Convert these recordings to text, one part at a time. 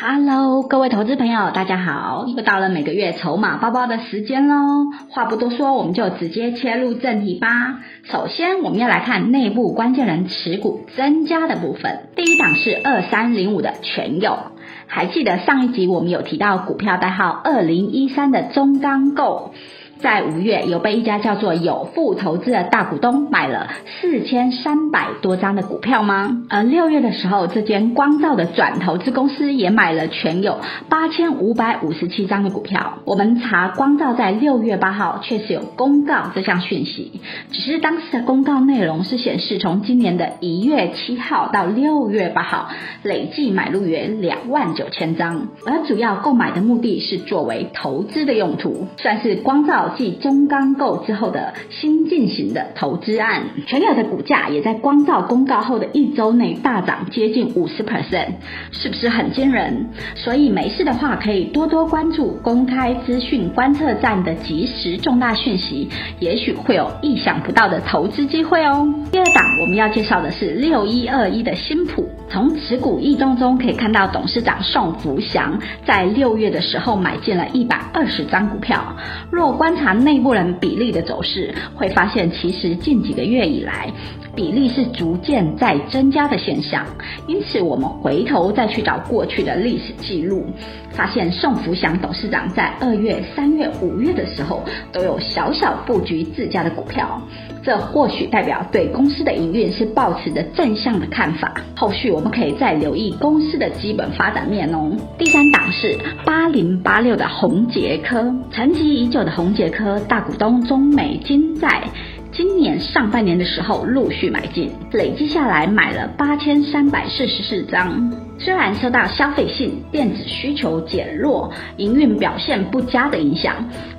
Hello，各位投資朋友，大家好！又到了每個月籌碼報報的時間嘍。話不多說，我們就直接切入正題吧。首先，我們要來看內部關鍵人持股增加的部分。第一檔是二三零五的全友，還記得上一集我們有提到股票代號二零一三的中鋼構。在五月有被一家叫做友縳投資的大股東買了四千三百多張的股票嗎？而六月的時候，這間光罩的轉投資公司也買了全友八千五百五十七張的股票。我們查光罩在六月八號確實有公告這項訊息，只是當時的公告內容是顯示從今年的一月七號到六月八號累計買入約兩萬九千張，而主要購買的目的是作為投資的用途，算是光罩繼中鋼構之後的新進行的投資案，全友的股價也在光罩公告後的一周內大漲接近五十 percent，是不是很驚人？所以沒事的話，可以多多關注公開資訊觀測站的即時重大訊息，也許會有意想不到的投資機會哦。第二檔我們要介紹的是六一二一的新普，從持股異動中，中可以看到，董事長宋福祥在六月的時候買進了一百二十張股票，若觀。查內部人比例的走勢，會發現其實近幾個月以來，比例是逐漸在增加的現象。因此，我們回頭再去找過去的歷史記錄，發現宋福祥董事長在二月、三月、五月的時候，都有小小佈局自家的股票。這或許代表對公司的營運是抱持着正向的看法，後續我們可以再留意公司的基本發展面、哦。容。第三檔是八零八六的宏捷科，沉寂已久的宏捷科大股東中美晶債今年上半年的時候陸續買進，累計下來買了八千三百四十四張。雖然受到消費性電子需求減弱、營運表現不佳的影響，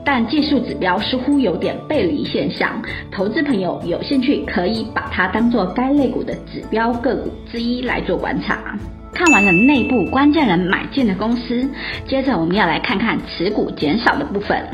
但技術指標似乎有點背離現象。投資朋友有興趣可以把它當做該類股的指標個股之一來做觀察。看完了內部關鍵人買進的公司，接着我們要來看看持股減少的部分。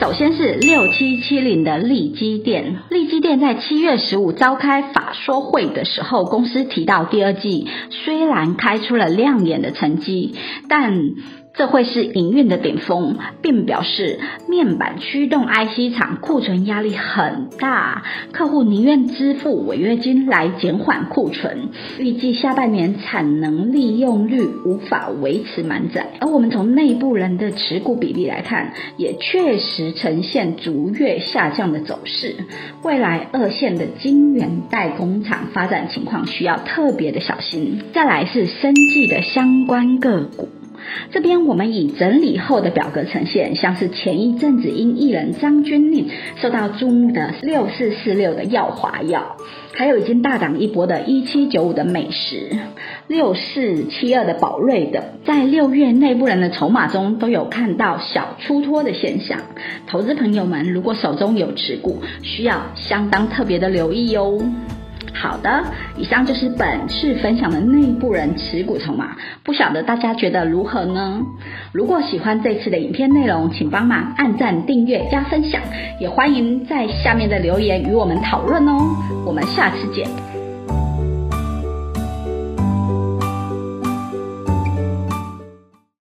首先是六七七零的力積電，力積電在七月十五召開法說會的時候，公司提到第二季雖然開出了亮眼的成績，但，這會是營運的頂峰，並表示面板驅動 IC 廠庫存壓力很大，客戶寧願支付違約金來減緩庫存。預計下半年產能利用率無法維持滿載。而我們從內部人的持股比例來看，也確實呈現逐月下降的走勢。未來二線的晶圓代工廠發展情況需要特別的小心。再來是生技的相關個股。這邊我們以整理後的表格呈現，像是前一陣子因藝人張鈞甯受到注目的六四四六的藥華藥，還有已經大漲一波的一七九五的美食，六四七二的寶瑞等，在六月內部人的籌碼中都有看到小出脫的現象。投資朋友們，如果手中有持股，需要相當特別的留意喲。好的，以上就是本次分享的內部人持股籌碼，不曉得大家覺得如何呢？如果喜歡這次的影片內容，請幫忙按讚、訂閱、加分享，也歡迎在下面的留言與我們討論哦。我們下次見。